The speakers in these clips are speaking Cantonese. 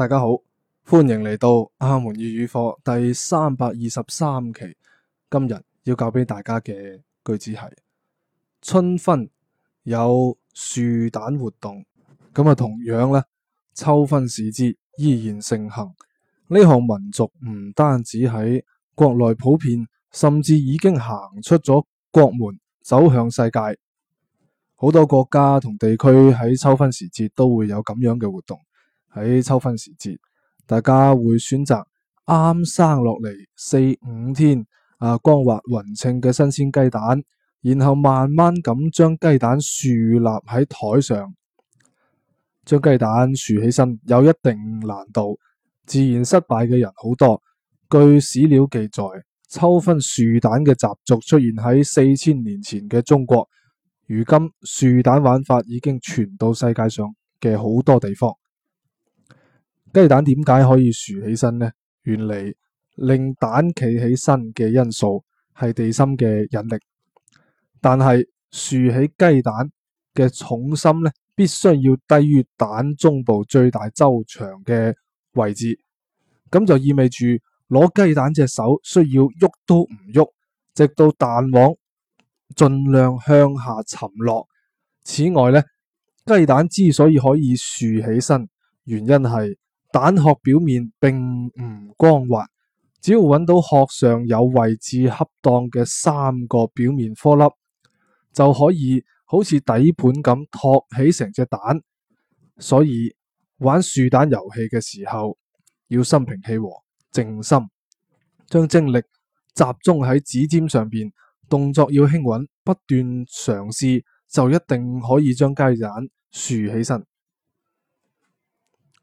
大家好，歡迎嚟到阿門粵語課第三百二十三期。今日要教俾大家嘅句子係：春分有豎蛋活動，咁啊同樣呢，秋分時節依然盛行。呢項民俗唔單止喺國內普遍，甚至已經行出咗國門，走向世界。好多國家同地區喺秋分時節都會有咁樣嘅活動。喺秋分時節，大家會選擇啱生落嚟四五天啊，光滑匀稱嘅新鮮雞蛋，然後慢慢咁將雞蛋豎立喺台上，將雞蛋豎起身，有一定難度，自然失敗嘅人好多。據史料記載，秋分豎蛋嘅習俗出現喺四千年前嘅中國。如今豎蛋玩法已經傳到世界上嘅好多地方。雞蛋點解可以豎起身呢？原嚟令蛋企起身嘅因素係地心嘅引力，但係豎起雞蛋嘅重心呢，必須要低於蛋中部最大周長嘅位置。咁就意味住攞雞蛋隻手需要喐都唔喐，直到蛋黃盡量向下沉落。此外呢，雞蛋之所以可以豎起身，原因係。蛋殼表面並唔光滑，只要揾到殼上有位置恰當嘅三個表面顆粒，就可以好似底盤咁托起成隻蛋。所以玩豎蛋遊戲嘅時候，要心平氣和、靜心，將精力集中喺指尖上邊，動作要輕穩，不斷嘗試，就一定可以將雞蛋豎起身。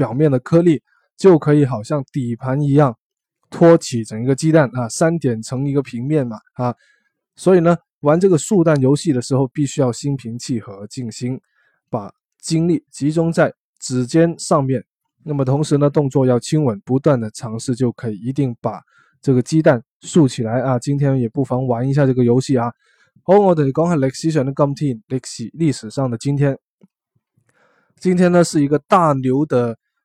表面的顆粒就可以好像底盤一樣托起整一個雞蛋啊，三點成一個平面嘛啊，所以呢玩這個豎蛋遊戲的時候必須要心平氣和靜心，把精力集中在指尖上面，那麼同時呢動作要輕穩，不斷的嘗試就可以一定把這個雞蛋豎起來啊。今天也不妨玩一下這個遊戲啊。哦、我哋講下歷史上的今天，歷史上的今天，今天呢是一個大牛的。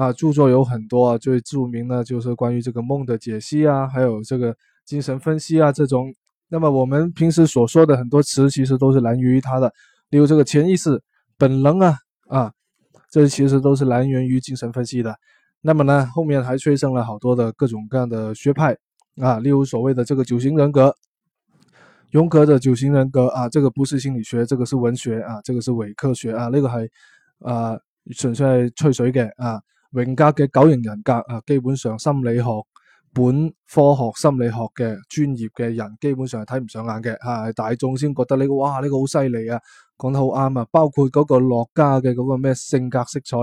啊，著作有很多啊，最著名呢就是關於這個夢的解析啊，還有這個精神分析啊這種。那麼我們平時所說的很多詞其實都是來源於他的，例如這個潛意識、本能啊，啊，這其實都是來源於精神分析的。那麼呢，後面還催生了好多的各種各樣的學派啊，例如所謂的這個九型人格，榮格的九型人格啊，這個不是心理學，這個是文學啊，這個是偽科學啊，那、這個還啊，純粹吹水嘅啊。榮格嘅九型人格啊，基本上心理學本科學心理學嘅專業嘅人，基本上係睇唔上眼嘅吓、啊，大眾先覺得呢個哇，呢個好犀利啊，講得好啱啊！包括嗰個樂嘉嘅嗰個咩性格色彩，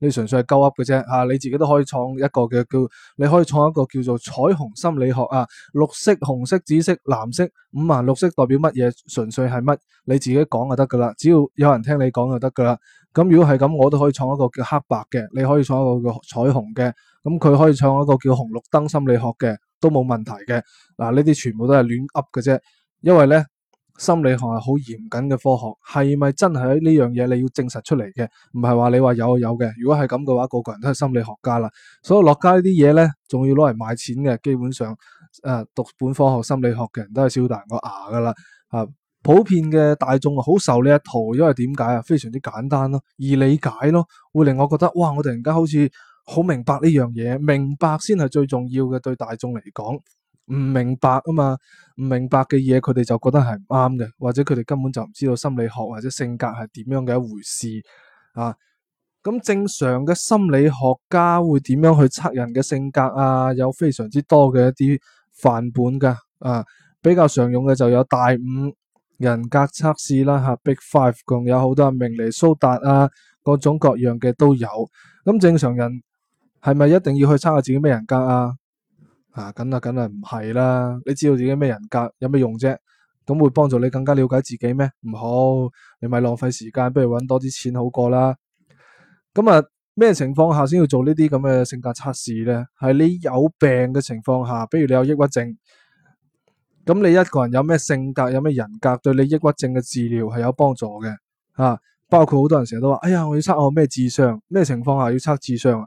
你純粹係鳩噏嘅啫吓，你自己都可以創一個嘅叫，你可以創一個叫做彩虹心理學啊，綠色、紅色、紫色、藍色，五顏六色代表乜嘢？純粹係乜？你自己講就得噶啦，只要有人聽你講就得噶啦。咁如果係咁，我都可以創一個叫黑白嘅，你可以創一個叫彩虹嘅，咁佢可以創一個叫紅綠燈心理學嘅，都冇問題嘅。嗱、啊，呢啲全部都係亂噏嘅啫，因為咧心理學係好嚴謹嘅科學，係咪真係呢樣嘢你要證實出嚟嘅，唔係話你話有有嘅。如果係咁嘅話，個個人都係心理學家啦。所以樂嘉呢啲嘢咧，仲要攞嚟賣錢嘅，基本上誒、啊、讀本科學心理學嘅人都係笑彈個牙噶啦，啊！普遍嘅大眾好受呢一套，因為點解啊？非常之簡單咯，易理解咯，會令我覺得哇！我突然間好似好明白呢樣嘢，明白先係最重要嘅。對大眾嚟講，唔明白啊嘛，唔明白嘅嘢，佢哋就覺得係唔啱嘅，或者佢哋根本就唔知道心理學或者性格係點樣嘅一回事啊。咁正常嘅心理學家會點樣去測人嘅性格啊？有非常之多嘅一啲範本㗎啊，比較常用嘅就有大五。人格測試啦，吓 Big Five 共有好多明尼蘇達啊，各種各樣嘅都有。咁正常人係咪一定要去測下自己咩人格啊？啊，咁啊梗係唔係啦，你知道自己咩人格有咩用啫？咁會幫助你更加了解自己咩？唔好，你咪浪費時間，不如搵多啲錢好過啦。咁啊，咩情況下先要做呢啲咁嘅性格測試咧？係你有病嘅情況下，比如你有抑鬱症。咁你一個人有咩性格，有咩人格，對你抑鬱症嘅治療係有幫助嘅啊。包括好多人成日都話：哎呀，我要測我咩智商，咩情況下要測智商啊？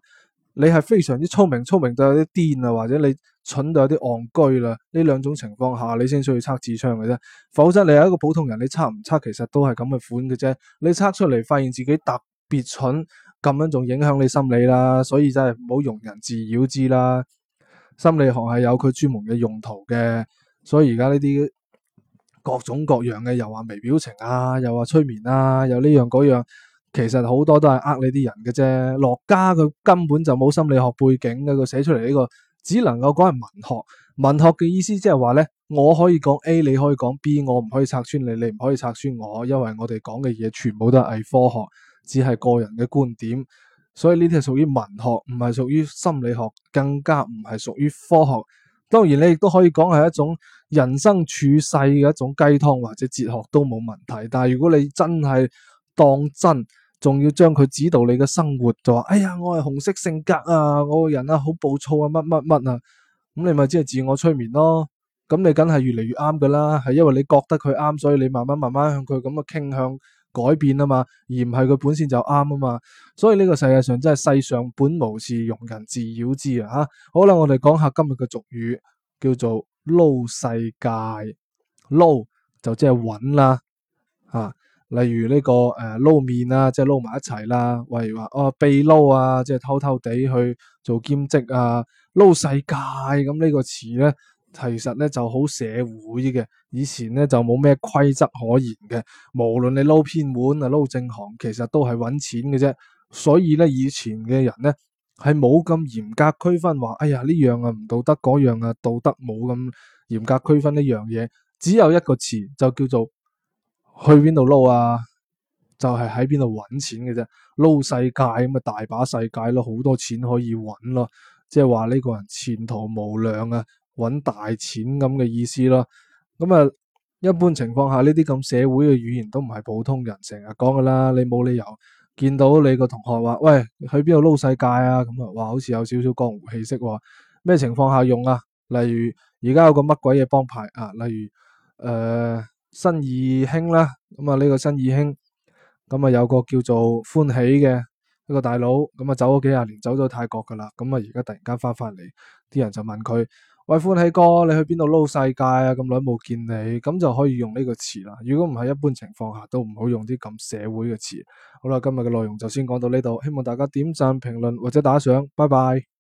你係非常之聰明，聰明到有啲癲啊，或者你蠢到有啲戇居啦。呢兩種情況下，你先需要測智商嘅啫。否則你係一個普通人，你測唔測其實都係咁嘅款嘅啫。你測出嚟發現自己特別蠢，咁樣仲影響你心理啦。所以真係唔好庸人自擾之啦。心理學係有佢專門嘅用途嘅。所以而家呢啲各種各樣嘅，又話微表情啊，又話催眠啊，又呢樣嗰樣，其實好多都係呃你啲人嘅啫。樂嘉佢根本就冇心理學背景嘅，佢寫出嚟呢個只能夠講係文學。文學嘅意思即係話咧，我可以講 A，你可以講 B，我唔可以拆穿你，你唔可以拆穿我，因為我哋講嘅嘢全部都係偽科學，只係個人嘅觀點。所以呢啲係屬於文學，唔係屬於心理學，更加唔係屬於科學。當然，你亦都可以講係一種人生處世嘅一種雞湯或者哲學都冇問題。但係如果你真係當真，仲要將佢指導你嘅生活，就話：哎呀，我係紅色性格啊，我個人啊好暴躁啊，乜乜乜啊，咁、嗯、你咪即係自我催眠咯。咁、嗯、你梗係越嚟越啱㗎啦，係因為你覺得佢啱，所以你慢慢慢慢向佢咁嘅傾向。改變啊嘛，而唔係佢本身就啱啊嘛，所以呢個世界上真係世上本無事，庸人自擾之啊！嚇，好啦，我哋講下今日嘅俗語，叫做撈世界，撈就即係揾啦嚇、啊，例如呢、呢個誒、呃、撈麵、啊、撈啦，即係撈埋一齊啦，例如話哦秘撈啊，即係偷偷地去做兼職啊，撈世界咁呢、嗯呢個詞咧。其實咧就好社會嘅，以前咧就冇咩規則可言嘅，無論你撈偏門啊撈正行，其實都係搵錢嘅啫。所以咧，以前嘅人咧係冇咁嚴格區分話，哎呀呢樣啊唔道德，嗰樣啊道德，冇咁嚴格區分呢樣嘢，只有一個詞就叫做去邊度撈啊，就係喺邊度搵錢嘅啫，撈世界咁啊大把世界咯，好多錢可以搵咯，即係話呢個人前途無量啊！搵大錢咁嘅意思咯，咁啊一般情況下呢啲咁社會嘅語言都唔係普通人成日講噶啦，你冇理由見到你個同學話喂，去邊度撈世界啊咁啊，哇好似有少少江湖氣息喎、哦，咩情況下用啊？例如而家有個乜鬼嘢幫派啊？啊例如誒、呃、新二興啦，咁啊呢個新義興咁啊有個叫做歡喜嘅一個大佬，咁啊走咗幾十年，走咗泰國噶啦，咁啊而家突然間翻返嚟，啲人就問佢。喂，歡喜哥，你去邊度撈世界啊？咁耐冇見你，咁就可以用呢個詞啦。如果唔係一般情況下，都唔好用啲咁社會嘅詞。好啦，今日嘅內容就先講到呢度，希望大家點讚、評論或者打賞。拜拜。